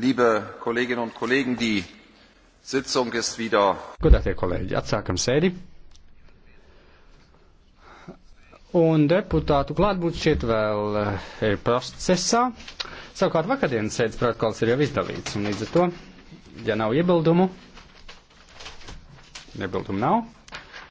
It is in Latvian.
Liebe Kolleginnen un Kollegen, die Sitzung ist wieder. Godātie kolēģi, atsākam sēdi. Un deputātu klātbūt šķiet vēl eh, ir procesā. Savukārt vakardienas sēdes protokols ir jau izdalīts, un līdz ar to, ja nav iebildumu, iebildumu nav,